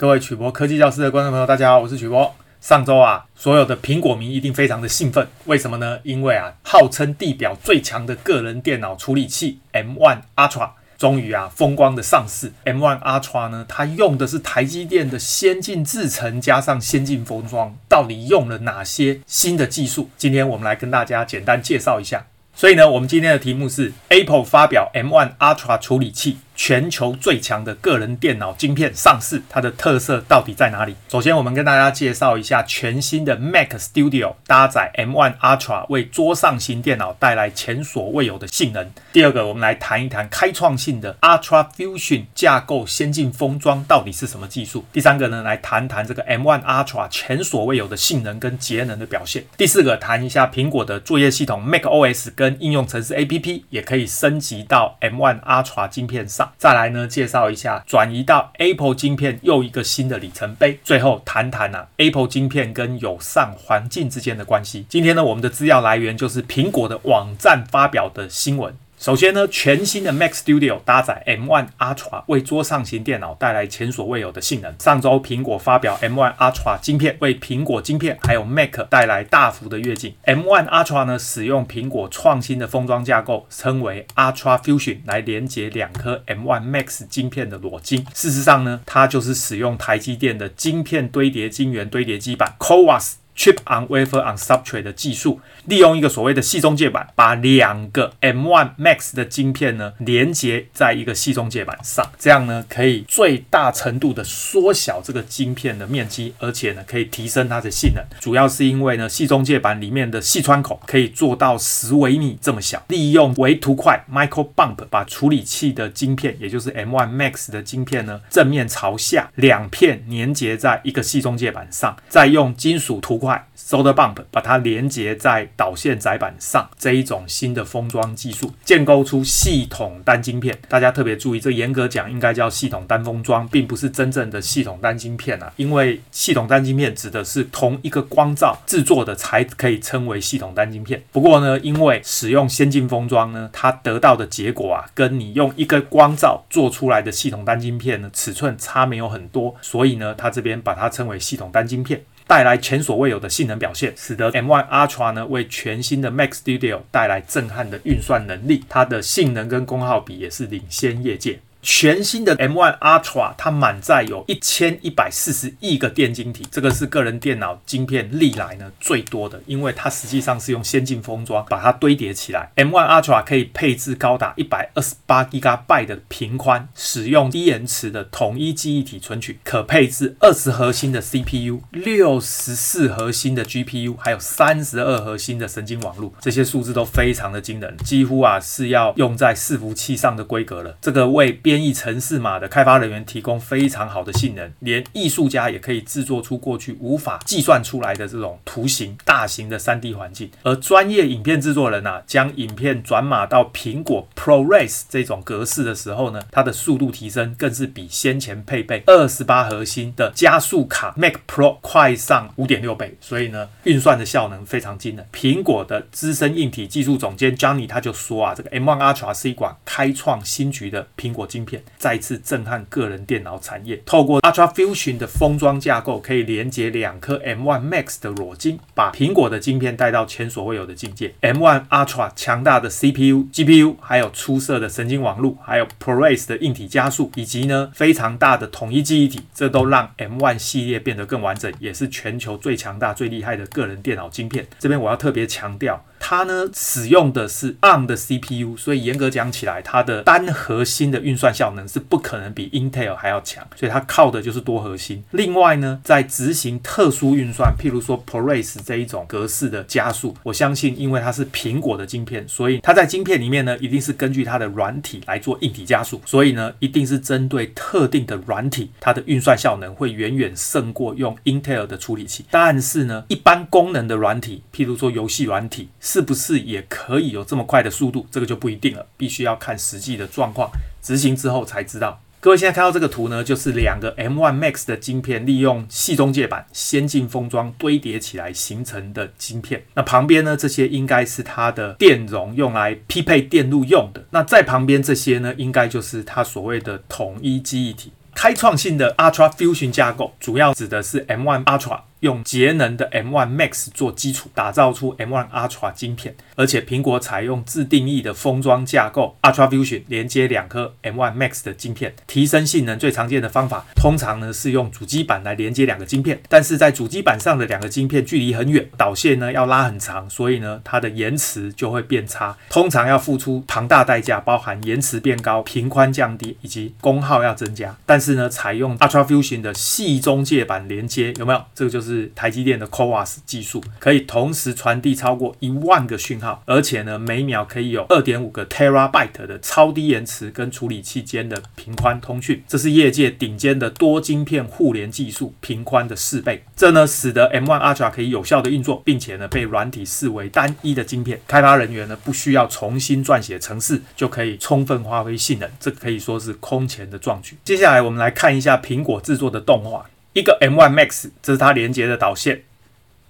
各位曲博科技教室的觀眾朋友，大家好，我是曲博。上週啊，所有的蘋果迷一定非常的興奮，為什麼呢？因為啊，號稱地表最強的個人電腦處理器 M1 Ultra 終於啊，風光的上市。M1 Ultra 呢，它用的是台積電的先進製程加上先進封裝，到底用了哪些新的技術？今天我們來跟大家簡單介紹一下。所以呢，我們今天的題目是 Apple 發表 M1 Ultra 處理器。全球最強的個人電腦晶片上市，它的特色到底在哪裡？首先，我們跟大家介紹一下全新的 Mac Studio，搭載 M1 Ultra，為桌上型電腦帶來前所未有的性能。第二個，我們來談一談開創性的 Ultra Fusion 架構、先進封裝到底是什麼技術。第三個呢，來談談這個 M1 Ultra 前所未有的性能跟節能的表現。第四個，談一下蘋果的作業系統 Mac OS 跟應用程式 APP，也可以升級到 M1 Ultra 晶片上。再來呢，介紹一下，轉移到 Apple 晶片又一個新的里程碑。最後談談啊，Apple 晶片跟友善環境之間的關係。今天呢，我們的資料來源就是蘋果的網站發表的新聞。首先呢，全新的 Mac Studio 搭載 M1 Ultra，為桌上型電腦帶來前所未有的性能。上周蘋果發表 M1 Ultra 晶片，為蘋果晶片還有 Mac 帶來大幅的躍進。M1 Ultra 呢，使用蘋果創新的封裝架構，稱為 Ultra Fusion，來連接兩顆 M1 Max 晶片的裸晶。事實上呢，它就是使用台積電的晶片堆疊晶圓堆疊基板 CoWoS。COUS Chip-on-wafer-on-substrate 的技術，利用一個所謂的細中介板，把兩個 M1 Max 的晶片呢連接在一個細中介板上，這樣呢可以最大程度的縮小這個晶片的面積，而且呢可以提升它的性能。主要是因為呢細中介板裡面的細穿孔可以做到十微米這麼小，利用微凸塊 （micro bump） 把處理器的晶片，也就是 M1 Max 的晶片呢正面朝下，兩片粘結在一個細中介板上，再用金屬凸塊。Solder bump，把它連接在導線載板上，這一種新的封裝技術，建構出系統單晶片。大家特別注意，這嚴格講應該叫系統單封裝，並不是真正的系統單晶片啊。因為系統單晶片指的是同一個光罩制作的才可以稱為系統單晶片。不過呢，因為使用先進封裝呢，它得到的結果啊，跟你用一個光罩做出來的系統單晶片呢，尺寸差沒有很多，所以呢，它這邊把它稱為系統單晶片。帶來前所未有的性能表現，使得 M1 Ultra 呢為全新的 Mac Studio 帶來震撼的運算能力。它的性能跟功耗比也是領先業界。全新的 M1 Ultra 它滿載有一千一百四十億個電晶體，這個是個人電腦晶片歷來呢最多的，因為它實際上是用先進封裝把它堆疊起來。M1 Ultra 可以配置高達一百二十八 GB 的頻寬，使用低延遲的統一記憶體存取，可配置二十核心的 CPU、六十四核心的 GPU，還有三十二核心的神經網絡，這些數字都非常的驚人，幾乎啊是要用在伺服器上的規格了。這個為編譯程式碼的開發人員提供非常好的性能，連藝術家也可以制作出過去無法計算出來的這種圖形大型的三 D 環境。而專業影片制作人啊，將影片轉碼到蘋果 ProRes 這種格式的時候呢，它的速度提升更是比先前配備二十八核心的加速卡 Mac Pro 快上五點六倍，所以呢，運算的效能非常驚人。蘋果的資深硬體技術總監 Johnny 他就說啊，這個 M1 Ultra 是一款開創新局的蘋果機。芯片再次震撼個人電腦產業。透過 Ultra Fusion 的封裝架構，可以連接兩顆 M1 Max 的裸晶，把蘋果的晶片帶到前所未有的境界。M1 Ultra 強大的 CPU、GPU，還有出色的神經網絡，還有 ProRes 的硬體加速，以及呢非常大的統一記憶體，這都讓 M1 系列變得更完整，也是全球最強大、最厲害的個人電腦晶片。這邊我要特別強調。它呢使用的是 ARM 的 CPU，所以嚴格講起來，它的單核心的運算效能是不可能比 Intel 還要強，所以它靠的就是多核心。另外呢，在執行特殊運算，譬如說 ProRes 這一種格式的加速，我相信因為它是蘋果的晶片，所以它在晶片裡面呢，一定是根據它的軟體來做硬體加速，所以呢，一定是針對特定的軟體，它的運算效能會遠遠勝過用 Intel 的處理器。但是呢，一般功能的軟體，譬如說遊戲軟體是，是不是也可以有這麼快的速度？這個就不一定了，必須要看實際的狀況執行之後才知道。各位現在看到這個圖呢，就是兩個 M1 Max 的晶片利用矽中介板先進封裝堆疊起來形成的晶片。那旁邊呢，這些應該是它的電容，用來匹配電路用的。那在旁邊這些呢，應該就是它所謂的統一記憶體。開創性的 Ultra Fusion 架構，主要指的是 M1 Ultra。用節能的 M1 Max 做基礎，打造出 M1 Ultra 晶片，而且蘋果採用自定義的封裝架構 Ultra Fusion 連接兩顆 M1 Max 的晶片，提升性能。最常見的方法，通常呢是用主機板來連接兩個晶片，但是在主機板上的兩個晶片距離很遠，導線呢要拉很長，所以呢它的延遲就會變差。通常要付出龐大代價，包含延遲變高、頻寬降低以及功耗要增加。但是呢，採用 Ultra Fusion 的細中介板連接，有沒有？這個就是。是台積電的 CoWoS 技術，可以同時傳遞超過一萬個訊號，而且呢，每秒可以有二點五個 terabyte 的超低延遲跟處理器間的頻寬通訊，這是業界頂尖的多晶片互聯技術，頻寬的四倍。這呢，使得 M1 Ultra 可以有效的運作，並且呢，被軟體視為單一的晶片，開發人員呢，不需要重新撰寫程式，就可以充分發揮性能，這可以說是空前的壯舉。接下來，我們來看一下蘋果製作的動畫。一個 M1 Max，這是它連接的導線，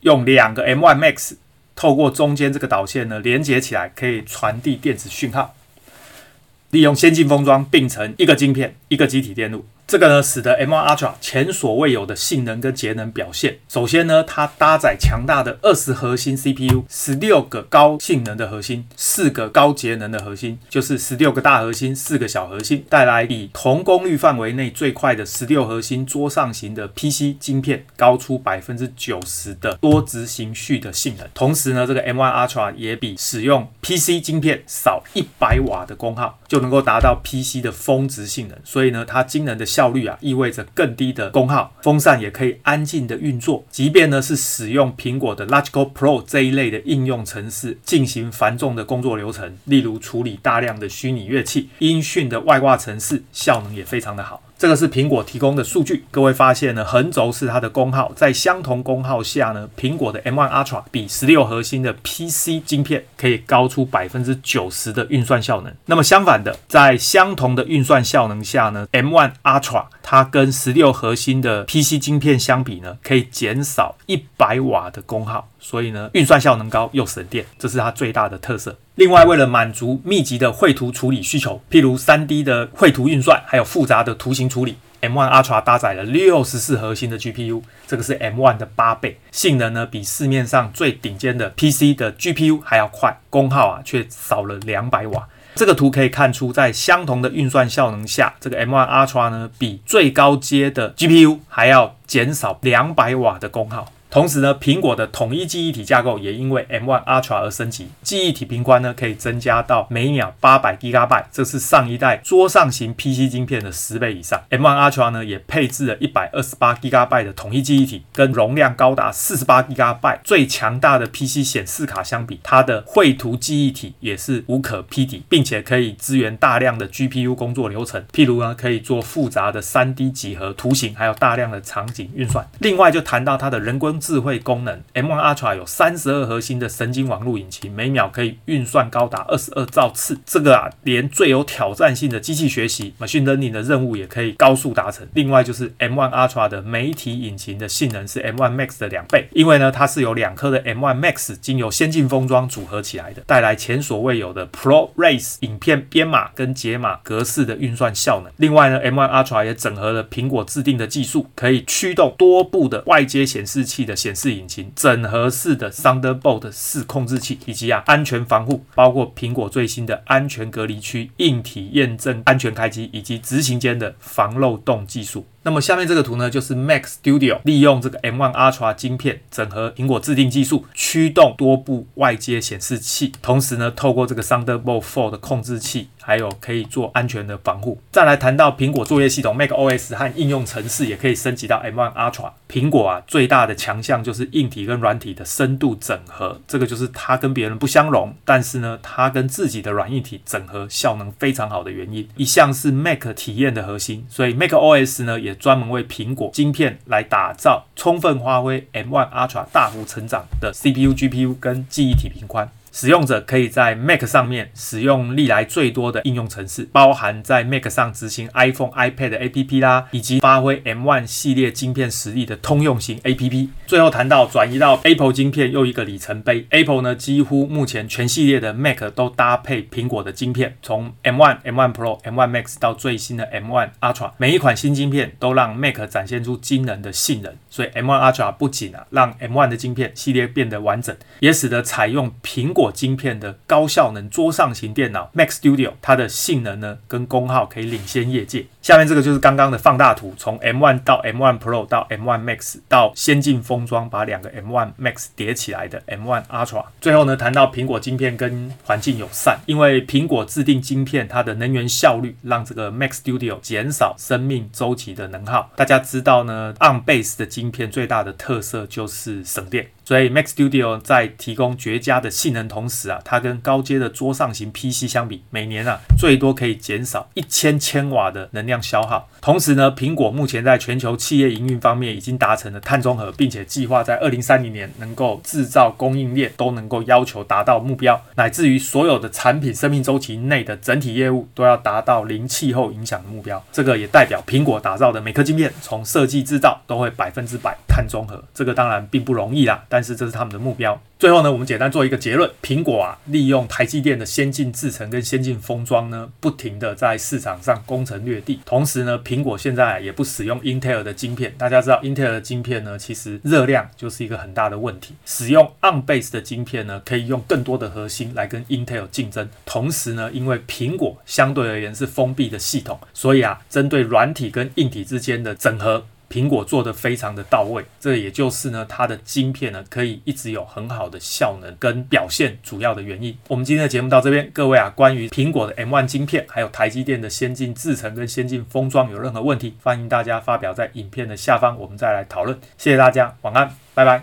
用兩個 M1 Max 透過中間這個導線呢，連接起來，可以傳遞電子訊號。利用先進封裝併成一個晶片，一個積體電路。這個呢，使得 M1 Ultra 前所未有的性能跟節能表現。首先呢，它搭載強大的二十核心 CPU，十六個高性能的核心，四個高節能的核心，就是十六個大核心，四個小核心，帶來比同功率範圍內最快的十六核心桌上型的 PC 晶片高出百分之九十的多執行緒的性能。同時呢，這個 M1 Ultra 也比使用 PC 晶片少一百瓦的功耗，就能夠達到 PC 的峰值性能。所以呢，它驚人的。效率啊，意味着更低的功耗，風扇也可以安靜的運作。即便呢是使用蘋果的 Logic Pro 這一類的應用程式進行繁重的工作流程，例如處理大量的虛擬樂器音訊的外掛程式，效能也非常的好。這個是蘋果提供的數據，各位發現呢，橫軸是它的功耗，在相同功耗下呢，蘋果的 M1 Ultra 比十六核心的 PC 晶片可以高出百分之九十的運算效能。那麼相反的，在相同的運算效能下呢，M1 Ultra 它跟十六核心的 PC 晶片相比呢，可以減少一百瓦的功耗。所以呢，運算效能高又省電，這是它最大的特色。另外，為了滿足密集的繪圖處理需求，譬如 3D 的繪圖運算，還有複雜的圖形處理，M1 Ultra 搭載了六十四核心的 GPU，這個是 M1 的八倍，性能呢比市面上最頂尖的 PC 的 GPU 還要快，功耗啊卻少了兩百瓦。這個圖可以看出，在相同的運算效能下，這個 M1 Ultra 呢比最高階的 GPU 還要減少兩百瓦的功耗。同時呢，蘋果的統一記憶體架構也因為 M1 Ultra 而升級，記憶體頻寬呢可以增加到每秒八百 GB，這是上一代桌上型 PC 芯片的十倍以上。M1 Ultra 呢也配置了一百二十八 GB 的統一記憶體，跟容量高達四十八 GB 最強大的 PC 顯示卡相比，它的繪圖記憶體也是無可匹敵，並且可以支援大量的 GPU 工作流程，譬如呢可以做複雜的三 D 幾何圖形，還有大量的場景運算。另外就談到它的人工智慧功能，M1 Ultra 有三十二核心的神經網絡引擎，每秒可以運算高達二十二兆次。這個啊，連最有挑戰性的機器學習 （machine learning） 的任務也可以高速達成。另外就是 M1 Ultra 的媒體引擎的性能是 M1 Max 的兩倍，因為呢，它是由兩顆的 M1 Max 經由先進封裝組合起來的，帶來前所未有的 ProRes 影片編碼跟解碼格式的運算效能。另外呢，M1 Ultra 也整合了蘋果制定的技術，可以驅動多部的外接顯示器。的顯示引擎、整合式的 Thunderbolt 四控制器，以及啊安全防護，包括蘋果最新的安全隔離區硬體驗證、安全開機，以及執行間的防漏洞技術。那麼下面這個圖呢，就是 Mac Studio 利用這個 M1 Ultra 晶片整合蘋果自定技術，驅動多部外接顯示器，同時呢，透過這個 Thunderbolt 4的控制器，還有可以做安全的防護。再來談到蘋果作業系統 Mac OS 和應用程式，也可以升級到 M1 Ultra。蘋果啊，最大的強項就是硬體跟軟體的深度整合，這個就是它跟別人不相容，但是呢，它跟自己的軟硬體整合效能非常好的原因，一向是 Mac 體驗的核心，所以 Mac OS 呢也，專門為蘋果晶片來打造，充分發揮 M1 Ultra 大幅成長的 CPU、GPU 跟記憶體頻寬。使用者可以在 Mac 上面使用歷來最多的應用程式，包含在 Mac 上執行 iPhone、iPad 的 App 啦，以及發揮 M1 系列晶片實力的通用型 App。最後談到轉移到 Apple 晶片又一個里程碑，Apple 呢幾乎目前全系列的 Mac 都搭配蘋果的晶片，從 M1、M1 Pro、M1 Max 到最新的 M1 Ultra，每一款新晶片都讓 Mac 展現出驚人的性能。所以 M1 Ultra 不僅啊讓 M1 的晶片系列變得完整，也使得採用蘋果。果晶片的高效能桌上型電腦 Mac Studio，它的性能呢跟功耗可以領先業界。下面這個就是剛剛的放大圖，從 M1 到 M1 Pro 到 M1 Max 到先進封裝，把兩個 M1 Max 疊起來的 M1 Ultra。最後呢，談到蘋果晶片跟環境友善，因為蘋果制定晶片，它的能源效率讓這個 Mac Studio 減少生命週期的能耗。大家知道呢，Arm Base 的晶片最大的特色就是省電。所以 Mac Studio 在提供絕佳的性能同時啊，它跟高階的桌上型 PC 相比，每年啊最多可以減少一千千瓦的能量消耗。同時呢，蘋果目前在全球企業營運方面已經達成了碳中和，並且計劃在二零三零年能夠製造供應鏈都能夠要求達到目標，乃至於所有的產品生命周期內的整體業務都要達到零氣候影響的目標。這個也代表蘋果打造的每顆晶片從設計製造都會百分之百碳中和。這個當然並不容易啦。但是這是他們的目標。最後呢，我們簡單做一個結論：蘋果啊，利用台積電的先進製程跟先進封裝呢，不停的在市場上攻城略地。同時呢，蘋果現在也不使用 Intel 的晶片。大家知道，Intel 的晶片呢，其實熱量就是一個很大的問題。使用 Arm-based 的晶片呢，可以用更多的核心來跟 Intel 競爭。同時呢，因為蘋果相對而言是封閉的系統，所以啊，針對軟體跟硬體之間的整合。蘋果做得非常的到位，這也就是呢，它的晶片呢，可以一直有很好的效能跟表現，主要的原因。我們今天的節目到這邊，各位啊，關於蘋果的 M1 晶片，還有台積電的先進製程跟先進封裝有任何問題，歡迎大家發表在影片的下方，我們再來討論。謝謝大家，晚安，拜拜。